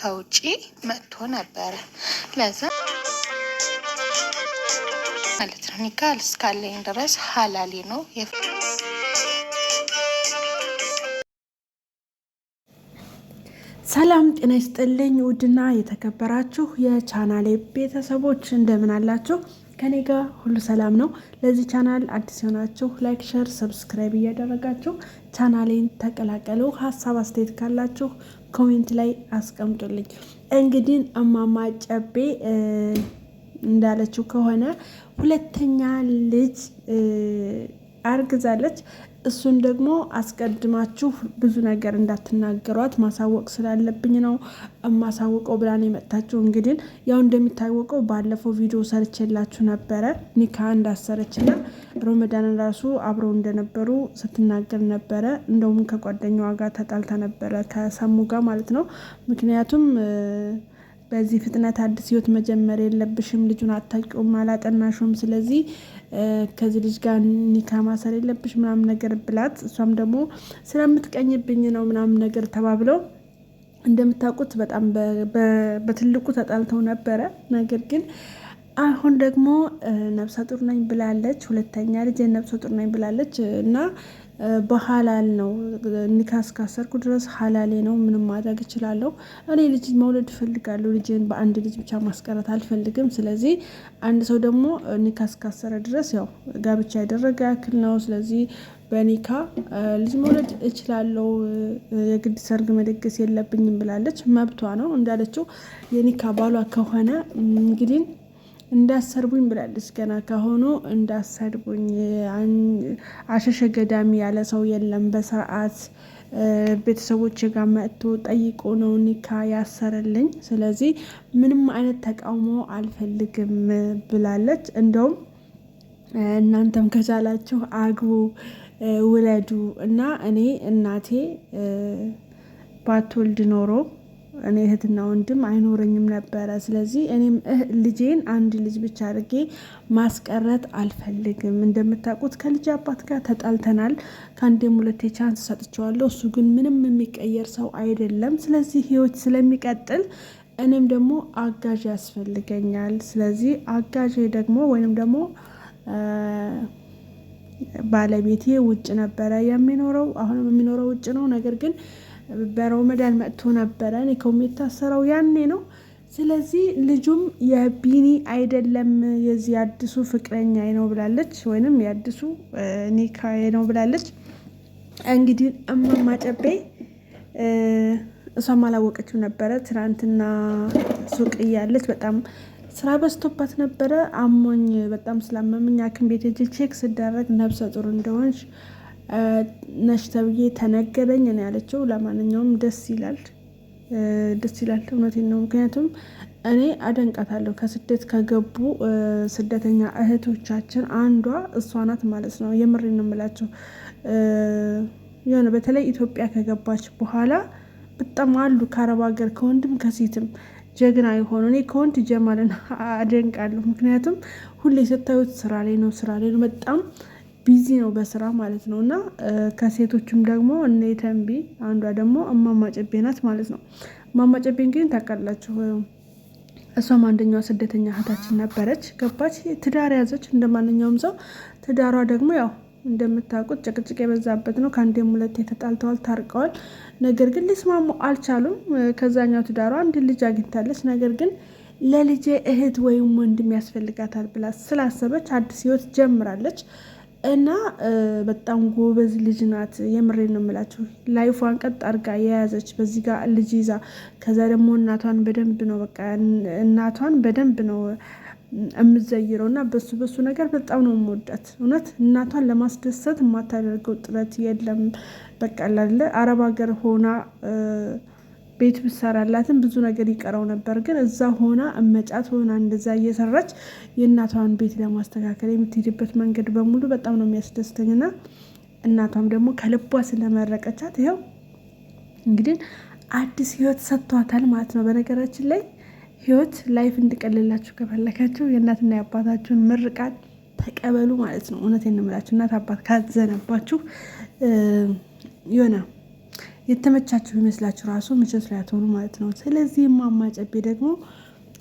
ከውጭ መጥቶ ነበረ። ለዛ ማለት ነው ኒካል እስካለኝ ድረስ ሀላሌ ነው። ሰላም ጤና ይስጥልኝ። ውድና የተከበራችሁ የቻናሌ ቤተሰቦች እንደምን አላችሁ? ከኔ ጋር ሁሉ ሰላም ነው። ለዚህ ቻናል አዲስ የሆናችሁ ላይክ፣ ሸር፣ ሰብስክራይብ እያደረጋችሁ ቻናሌን ተቀላቀሉ። ሀሳብ አስተያየት ካላችሁ ኮሜንት ላይ አስቀምጡልኝ። እንግዲህ እማማ ጨቤ እንዳለችው ከሆነ ሁለተኛ ልጅ አርግዛለች። እሱን ደግሞ አስቀድማችሁ ብዙ ነገር እንዳትናገሯት ማሳወቅ ስላለብኝ ነው ማሳወቀው ብላን የመጣችው። እንግዲህ ያው እንደሚታወቀው ባለፈው ቪዲዮ ሰርቼላችሁ ነበረ ኒካ እንዳሰረችና ሮመዳን ራሱ አብረው እንደነበሩ ስትናገር ነበረ። እንደውም ከጓደኛዋ ጋር ተጣልታ ነበረ ከሰሙ ጋር ማለት ነው ምክንያቱም በዚህ ፍጥነት አዲስ ህይወት መጀመር የለብሽም። ልጁን አታውቂውም፣ አላጠናሽውም። ስለዚህ ከዚህ ልጅ ጋር ኒካ ማሰር የለብሽ ምናምን ነገር ብላት፣ እሷም ደግሞ ስለምትቀኝብኝ ነው ምናምን ነገር ተባብለው እንደምታውቁት በጣም በትልቁ ተጣልተው ነበረ። ነገር ግን አሁን ደግሞ ነብሰ ጡር ነኝ ብላለች። ሁለተኛ ልጅ ነብሰ ጡር ነኝ ብላለች እና በሀላል ነው ኒካ እስካሰርኩ ድረስ ሀላሌ ነው፣ ምንም ማድረግ እችላለሁ። እኔ ልጅ መውለድ እፈልጋለሁ። ልጅን በአንድ ልጅ ብቻ ማስቀረት አልፈልግም። ስለዚህ አንድ ሰው ደግሞ ኒካ እስካሰረ ድረስ ያው ጋብቻ ያደረገ ያክል ነው። ስለዚህ በኒካ ልጅ መውለድ እችላለሁ፣ የግድ ሰርግ መደገስ የለብኝም ብላለች። መብቷ ነው እንዳለችው የኒካ ባሏ ከሆነ እንግዲህ እንዳሰርቡኝ ብላለች። ገና ከሆኑ እንዳሰርቡኝ አሸሸ ገዳሚ ያለ ሰው የለም። በስርዓት ቤተሰቦች ጋር መጥቶ ጠይቆ ነው ኒካ ያሰረልኝ። ስለዚህ ምንም አይነት ተቃውሞ አልፈልግም ብላለች። እንደውም እናንተም ከቻላችሁ አግቡ፣ ውለዱ እና እኔ እናቴ ባትወልድ ኖሮ እኔ እህትና ወንድም አይኖረኝም ነበረ። ስለዚህ እኔም ልጄን አንድ ልጅ ብቻ አድርጌ ማስቀረት አልፈልግም። እንደምታውቁት ከልጅ አባት ጋር ተጣልተናል። ከአንዴም ሁለቴ ቻንስ ሰጥቸዋለሁ። እሱ ግን ምንም የሚቀየር ሰው አይደለም። ስለዚህ ህይወት ስለሚቀጥል እኔም ደግሞ አጋዥ ያስፈልገኛል። ስለዚህ አጋዥ ደግሞ ወይንም ደግሞ ባለቤቴ ውጭ ነበረ የሚኖረው አሁንም የሚኖረው ውጭ ነው። ነገር ግን በረመዳን መጥቶ ነበረ። ኒካውም የታሰረው ያኔ ነው። ስለዚህ ልጁም የቢኒ አይደለም የዚህ አዲሱ ፍቅረኛ ነው ብላለች፣ ወይንም የአዲሱ ኒካ ነው ብላለች። እንግዲህ እማማ ጨቤ እሷም አላወቀችም ነበረ። ትናንትና ሱቅ እያለች በጣም ስራ በዝቶባት ነበረ። አሞኝ በጣም ስላመመኝ ሐኪም ቤት ሄጄ ቼክ ስደረግ ነብሰ ጡር እንደሆንሽ ነሽ ተብዬ ተነገረኝ ነው ያለችው። ለማንኛውም ደስ ይላል፣ ደስ ይላል። እውነቴን ነው። ምክንያቱም እኔ አደንቃታለሁ። ከስደት ከገቡ ስደተኛ እህቶቻችን አንዷ እሷ ናት ማለት ነው። የምሬን እምላቸው የሆነ በተለይ ኢትዮጵያ ከገባች በኋላ በጣም አሉ ከአረብ ሀገር ከወንድም ከሴትም ጀግና የሆኑ እኔ ከወንድ ጀማልን አደንቃለሁ። ምክንያቱም ሁሌ ስታዩት ስራ ላይ ነው፣ ስራ ላይ ነው በጣም ቢዚ ነው በስራ ማለት ነው። እና ከሴቶችም ደግሞ እነ ተንቢ አንዷ ደግሞ እማማጨቤ ናት ማለት ነው። እማማጨቤ ግን ታውቃላችሁ። እሷም አንደኛዋ ስደተኛ እህታችን ነበረች። ገባች፣ ትዳር ያዘች እንደ ማንኛውም ሰው። ትዳሯ ደግሞ ያው እንደምታውቁት ጭቅጭቅ የበዛበት ነው። ከአንዴም ሁለቴ ተጣልተዋል፣ ታርቀዋል። ነገር ግን ሊስማሙ አልቻሉም። ከዛኛው ትዳሯ አንድ ልጅ አግኝታለች። ነገር ግን ለልጄ እህት ወይም ወንድም ያስፈልጋታል ብላ ስላሰበች አዲስ ህይወት ጀምራለች። እና በጣም ጎበዝ ልጅ ናት። የምሬ ነው የምላቸው። ላይፏን ቀጥ አድርጋ የያዘች በዚህ ጋር ልጅ ይዛ ከዛ ደግሞ እናቷን በደንብ ነው በቃ እናቷን በደንብ ነው የምዘይረው እና በሱ በሱ ነገር በጣም ነው የምወዳት። እውነት እናቷን ለማስደሰት የማታደርገው ጥረት የለም። በቃ ላለ አረብ ሀገር ሆና ቤት ብሰራላትም ብዙ ነገር ይቀረው ነበር። ግን እዛ ሆና እመጫት ሆና እንደዛ እየሰራች የእናቷን ቤት ለማስተካከል የምትሄድበት መንገድ በሙሉ በጣም ነው የሚያስደስተኝና እናቷም ደግሞ ከልቧ ስለመረቀቻት ይኸው እንግዲህ አዲስ ህይወት ሰጥቷታል ማለት ነው። በነገራችን ላይ ህይወት ላይፍ እንድቀልላችሁ ከፈለጋችሁ የእናትና የአባታችሁን ምርቃት ተቀበሉ ማለት ነው። እውነት ነው እናት አባት ካዘነባችሁ ይሆናል። የተመቻቸው ይመስላችሁ ራሱ ምቾት ላይ አትሆኑ ማለት ነው። ስለዚህ እማማ ጨቤ ደግሞ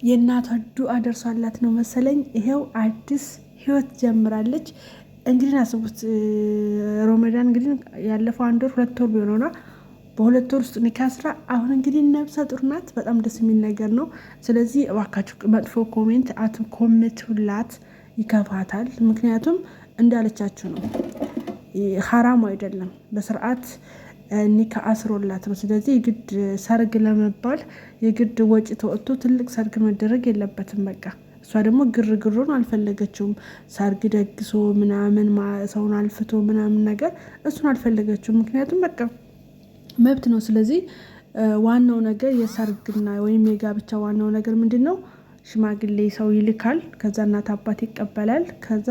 የእናቷ ዱአ ደርሷላት ነው መሰለኝ ይሄው አዲስ ህይወት ጀምራለች። እንግዲህ አስቡት ሮመዳን እንግዲህ ያለፈው አንድ ወር ሁለት ወር ቢሆነውና በሁለት ወር ውስጥ ኒካ ስራ። አሁን እንግዲህ ነብሰ ጡር ናት። በጣም ደስ የሚል ነገር ነው። ስለዚህ እባካችሁ መጥፎ ኮሜንት አትኮምቱላት፣ ይከፋታል። ምክንያቱም እንዳለቻችሁ ነው፣ ሀራሙ አይደለም በስርዓት ኒካ አስሮላትም። ስለዚህ የግድ ሰርግ ለመባል የግድ ወጪ ተወጥቶ ትልቅ ሰርግ መደረግ የለበትም። በቃ እሷ ደግሞ ግርግሩን አልፈለገችውም። ሰርግ ደግሶ ምናምን ሰውን አልፍቶ ምናምን ነገር እሱን አልፈለገችውም። ምክንያቱም በቃ መብት ነው። ስለዚህ ዋናው ነገር የሰርግና ወይም የጋብቻ ዋናው ነገር ምንድን ነው? ሽማግሌ ሰው ይልካል። ከዛ እናት አባት ይቀበላል። ከዛ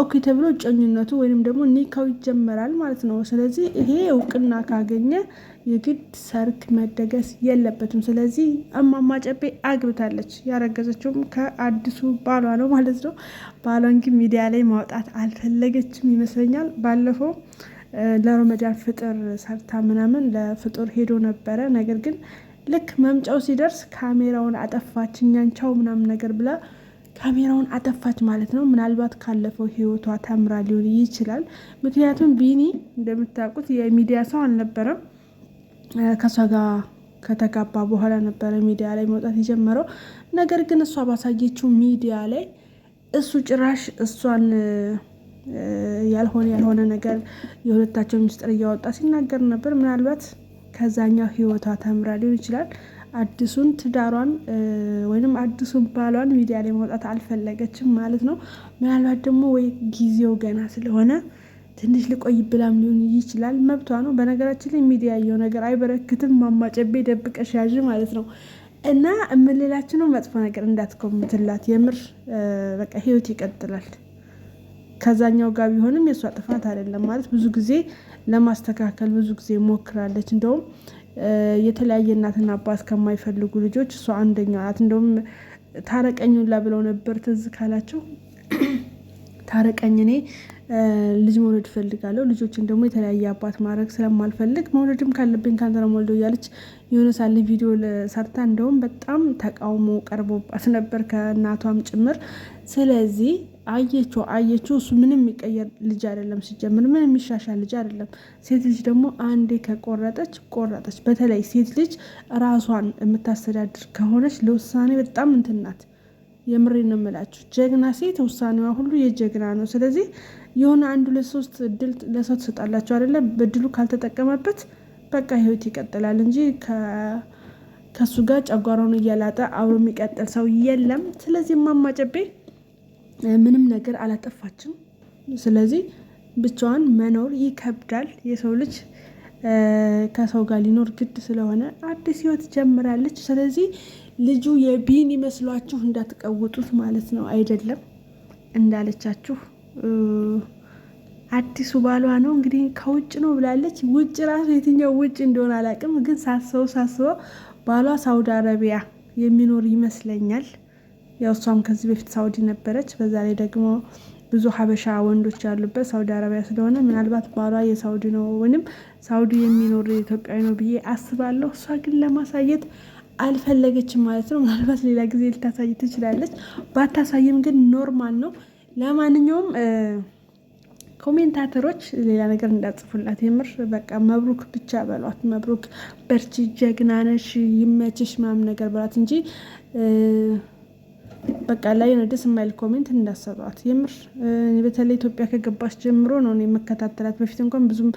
ኦኬ ተብሎ እጮኝነቱ ወይም ደግሞ ኒካው ይጀመራል ማለት ነው። ስለዚህ ይሄ እውቅና ካገኘ የግድ ሰርግ መደገስ የለበትም። ስለዚህ እማማ ጨቤ አግብታለች። ያረገዘችውም ከአዲሱ ባሏ ነው ማለት ነው። ባሏን ግን ሚዲያ ላይ ማውጣት አልፈለገችም ይመስለኛል። ባለፈው ለረመዳን ፍጥር ሰርታ ምናምን ለፍጡር ሄዶ ነበረ። ነገር ግን ልክ መምጫው ሲደርስ ካሜራውን አጠፋች እኛን ቻው ምናምን ነገር ብላ ካሜራውን አጠፋች ማለት ነው። ምናልባት ካለፈው ህይወቷ ተምራ ሊሆን ይችላል። ምክንያቱም ቢኒ እንደምታውቁት የሚዲያ ሰው አልነበረም። ከእሷ ጋር ከተጋባ በኋላ ነበረ ሚዲያ ላይ መውጣት የጀመረው። ነገር ግን እሷ ባሳየችው ሚዲያ ላይ እሱ ጭራሽ እሷን ያልሆነ ያልሆነ ነገር የሁለታቸው ሚስጥር እያወጣ ሲናገር ነበር። ምናልባት ከዛኛው ህይወቷ ተምራ ሊሆን ይችላል። አዲሱን ትዳሯን ወይም አዲሱን ባሏን ሚዲያ ላይ መውጣት አልፈለገችም ማለት ነው። ምናልባት ደግሞ ወይ ጊዜው ገና ስለሆነ ትንሽ ልቆይ ብላም ሊሆን ይችላል። መብቷ ነው። በነገራችን ላይ ሚዲያ ያየው ነገር አይበረክትም። ማማጨቤ ደብቀ ሻዥ ማለት ነው። እና የምንሌላችን ነው መጥፎ ነገር እንዳትኮምትላት። የምር በቃ ህይወት ይቀጥላል። ከዛኛው ጋር ቢሆንም የእሷ ጥፋት አይደለም ማለት ብዙ ጊዜ ለማስተካከል ብዙ ጊዜ ሞክራለች እንደውም የተለያየ እናትና አባት ከማይፈልጉ ልጆች እሷ አንደኛው ናት። እንደውም ታረቀኝ ብለው ነበር ትዝ ካላቸው ታረቀኝ እኔ ልጅ መውለድ እፈልጋለሁ። ልጆችን ደግሞ የተለያየ አባት ማድረግ ስለማልፈልግ መውለድም ካለብኝ ከአንተ ነው የምወልደው እያለች የሆነ ሳለ ቪዲዮ ሰርታ እንደውም በጣም ተቃውሞ ቀርቦባት ነበር ከእናቷም ጭምር። ስለዚህ አየችው አየችው። እሱ ምንም የሚቀየር ልጅ አይደለም፣ ሲጀምር ምንም የሚሻሻል ልጅ አይደለም። ሴት ልጅ ደግሞ አንዴ ከቆረጠች ቆረጠች። በተለይ ሴት ልጅ ራሷን የምታስተዳድር ከሆነች ለውሳኔ በጣም እንትን ናት። የምሬ ነው የምላችሁ። ጀግና ሴት ውሳኔዋ ሁሉ የጀግና ነው። ስለዚህ የሆነ አንዱ ለሶስት እድል ለሰው ትሰጣላቸው አይደለም። በድሉ ካልተጠቀመበት በቃ ህይወት ይቀጥላል እንጂ ከእሱ ጋር ጨጓራውን እያላጠ አብሮ የሚቀጥል ሰው የለም። ስለዚህ ማማጨቤ ምንም ነገር አላጠፋችም። ስለዚህ ብቻዋን መኖር ይከብዳል። የሰው ልጅ ከሰው ጋር ሊኖር ግድ ስለሆነ አዲስ ህይወት ጀምራለች። ስለዚህ ልጁ የቢን ይመስሏችሁ እንዳትቀውጡት ማለት ነው። አይደለም እንዳለቻችሁ አዲሱ ባሏ ነው እንግዲህ ከውጭ ነው ብላለች። ውጭ ራሱ የትኛው ውጭ እንደሆነ አላውቅም፣ ግን ሳስበው ሳስበው ባሏ ሳውዲ አረቢያ የሚኖር ይመስለኛል። ያው እሷም ከዚህ በፊት ሳውዲ ነበረች። በዛ ላይ ደግሞ ብዙ ሀበሻ ወንዶች ያሉበት ሳውዲ አረቢያ ስለሆነ ምናልባት ባሏ የሳውዲ ነው ወይም ሳውዲ የሚኖር ኢትዮጵያዊ ነው ብዬ አስባለሁ። እሷ ግን ለማሳየት አልፈለገችም ማለት ነው። ምናልባት ሌላ ጊዜ ልታሳይ ትችላለች። ባታሳይም ግን ኖርማል ነው። ለማንኛውም ኮሜንታተሮች ሌላ ነገር እንዳጽፉላት፣ የምር በቃ መብሩክ ብቻ በሏት። መብሩክ በርቺ፣ ጀግና ነሽ፣ ይመችሽ ምናምን ነገር በሏት እንጂ በቃ ላይ ነው ደስ የማይል ኮሜንት እንዳሰሯት የምር በተለይ ኢትዮጵያ ከገባች ጀምሮ ነው የመከታተላት። በፊት እንኳን ብዙም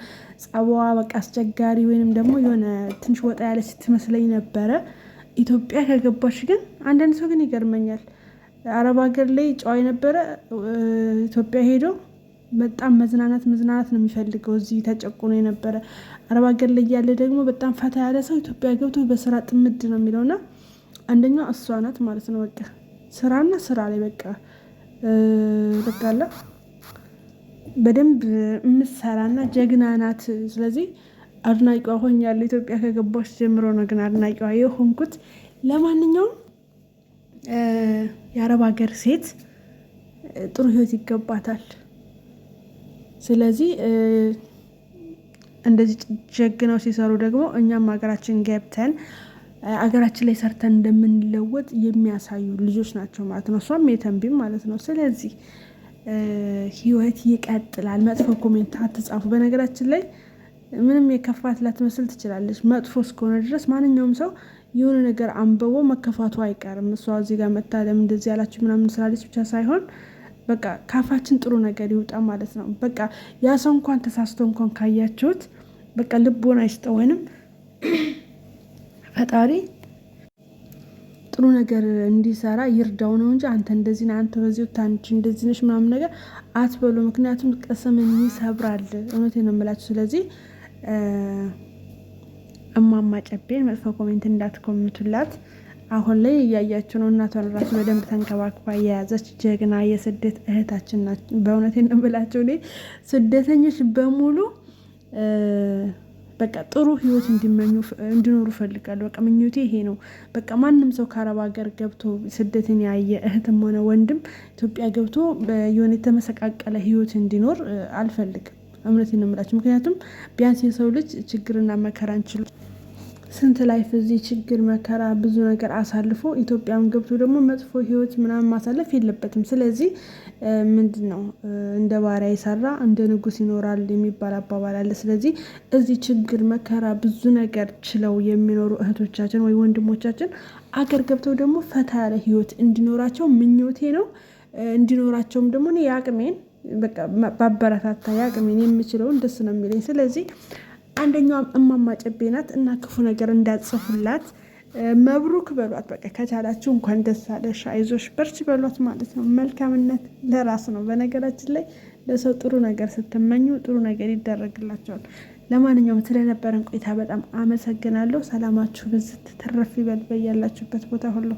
ጸባዋ በቃ አስቸጋሪ ወይንም ደግሞ የሆነ ትንሽ ወጣ ያለች ትመስለኝ ነበረ። ኢትዮጵያ ከገባች ግን አንዳንድ ሰው ግን ይገርመኛል። አረብ ሀገር ላይ ጨዋ የነበረ ኢትዮጵያ ሄዶ በጣም መዝናናት መዝናናት ነው የሚፈልገው። እዚህ ተጨቁኖ የነበረ አረብ ሀገር ላይ ያለ ደግሞ በጣም ፈታ ያለ ሰው ኢትዮጵያ ገብቶ በስራ ጥምድ ነው የሚለውና አንደኛው እሷ ናት ማለት ነው በቃ ስራና ስራ ላይ በቃ በቃለ በደንብ የምትሰራና ጀግና ናት። ስለዚህ አድናቂዋ ሆኛለሁ። ኢትዮጵያ ከገባች ጀምሮ ነው ግን አድናቂዋ የሆንኩት። ለማንኛውም የአረብ ሀገር ሴት ጥሩ ህይወት ይገባታል። ስለዚህ እንደዚህ ጀግናው ሲሰሩ ደግሞ እኛም ሀገራችን ገብተን አገራችን ላይ ሰርተን እንደምንለወጥ የሚያሳዩ ልጆች ናቸው ማለት ነው። እሷም የተንቢም ማለት ነው። ስለዚህ ህይወት ይቀጥላል። መጥፎ ኮሜንት አትጻፉ። በነገራችን ላይ ምንም የከፋት ላትመስል ትችላለች። መጥፎ እስከሆነ ድረስ ማንኛውም ሰው የሆነ ነገር አንበቦ መከፋቱ አይቀርም። እሷ እዚህ ጋር መታለም እንደዚህ ያላችሁ ምናምን ስላለች ብቻ ሳይሆን በቃ ካፋችን ጥሩ ነገር ይውጣ ማለት ነው። በቃ ያ ሰው እንኳን ተሳስቶ እንኳን ካያችሁት በቃ ልቦና አይስጠው ወይንም ፈጣሪ ጥሩ ነገር እንዲሰራ ይርዳው ነው እንጂ አንተ እንደዚህ ነህ፣ አንተ በዚህ ታንቺ እንደዚህ ነሽ ምናምን ነገር አትበሉ። ምክንያቱም ቅስም ይሰብራል። እውነቴን ነው የምላችሁ። ስለዚህ እማማ ጨቤን መጥፎ ኮሜንት እንዳትኮምቱላት። አሁን ላይ እያያችሁ ነው። እናቷን ራሱ በደንብ ተንከባክባ የያዘች ጀግና የስደት እህታችን ናት። በእውነቴን ነው የምላችሁ። ስደተኞች በሙሉ በቃ ጥሩ ህይወት እንዲመኙ እንዲኖሩ ፈልጋሉ በቃ ምኞቴ ይሄ ነው። በቃ ማንም ሰው ከአረብ ሀገር ገብቶ ስደትን ያየ እህትም ሆነ ወንድም ኢትዮጵያ ገብቶ የሆነ የተመሰቃቀለ ህይወት እንዲኖር አልፈልግም። እምነት ነው ምክንያቱም ቢያንስ የሰው ልጅ ችግርና መከራ ችሎ ስንት ላይፍ እዚህ ችግር መከራ ብዙ ነገር አሳልፎ ኢትዮጵያም ገብቶ ደግሞ መጥፎ ህይወት ምናምን ማሳለፍ የለበትም። ስለዚህ ምንድን ነው እንደ ባሪያ የሰራ እንደ ንጉስ ይኖራል የሚባል አባባል አለ። ስለዚህ እዚህ ችግር መከራ ብዙ ነገር ችለው የሚኖሩ እህቶቻችን ወይ ወንድሞቻችን አገር ገብተው ደግሞ ፈታ ያለ ህይወት እንዲኖራቸው ምኞቴ ነው። እንዲኖራቸውም ደግሞ እኔ የአቅሜን በቃ ባበረታታ የአቅሜን የምችለውን ደስ ነው የሚለኝ ስለዚህ አንደኛዋ እማማ ጨቤ ናት እና ክፉ ነገር እንዳጽፉላት መብሩክ በሏት። በቃ ከቻላችሁ እንኳን ደስ አለሽ፣ አይዞሽ፣ በርች በሏት ማለት ነው። መልካምነት ለራስ ነው። በነገራችን ላይ ለሰው ጥሩ ነገር ስትመኙ ጥሩ ነገር ይደረግላቸዋል። ለማንኛውም ስለነበረን ቆይታ በጣም አመሰግናለሁ። ሰላማችሁ ብዝት ተረፍ ይበል በያላችሁበት ቦታ ሁሉ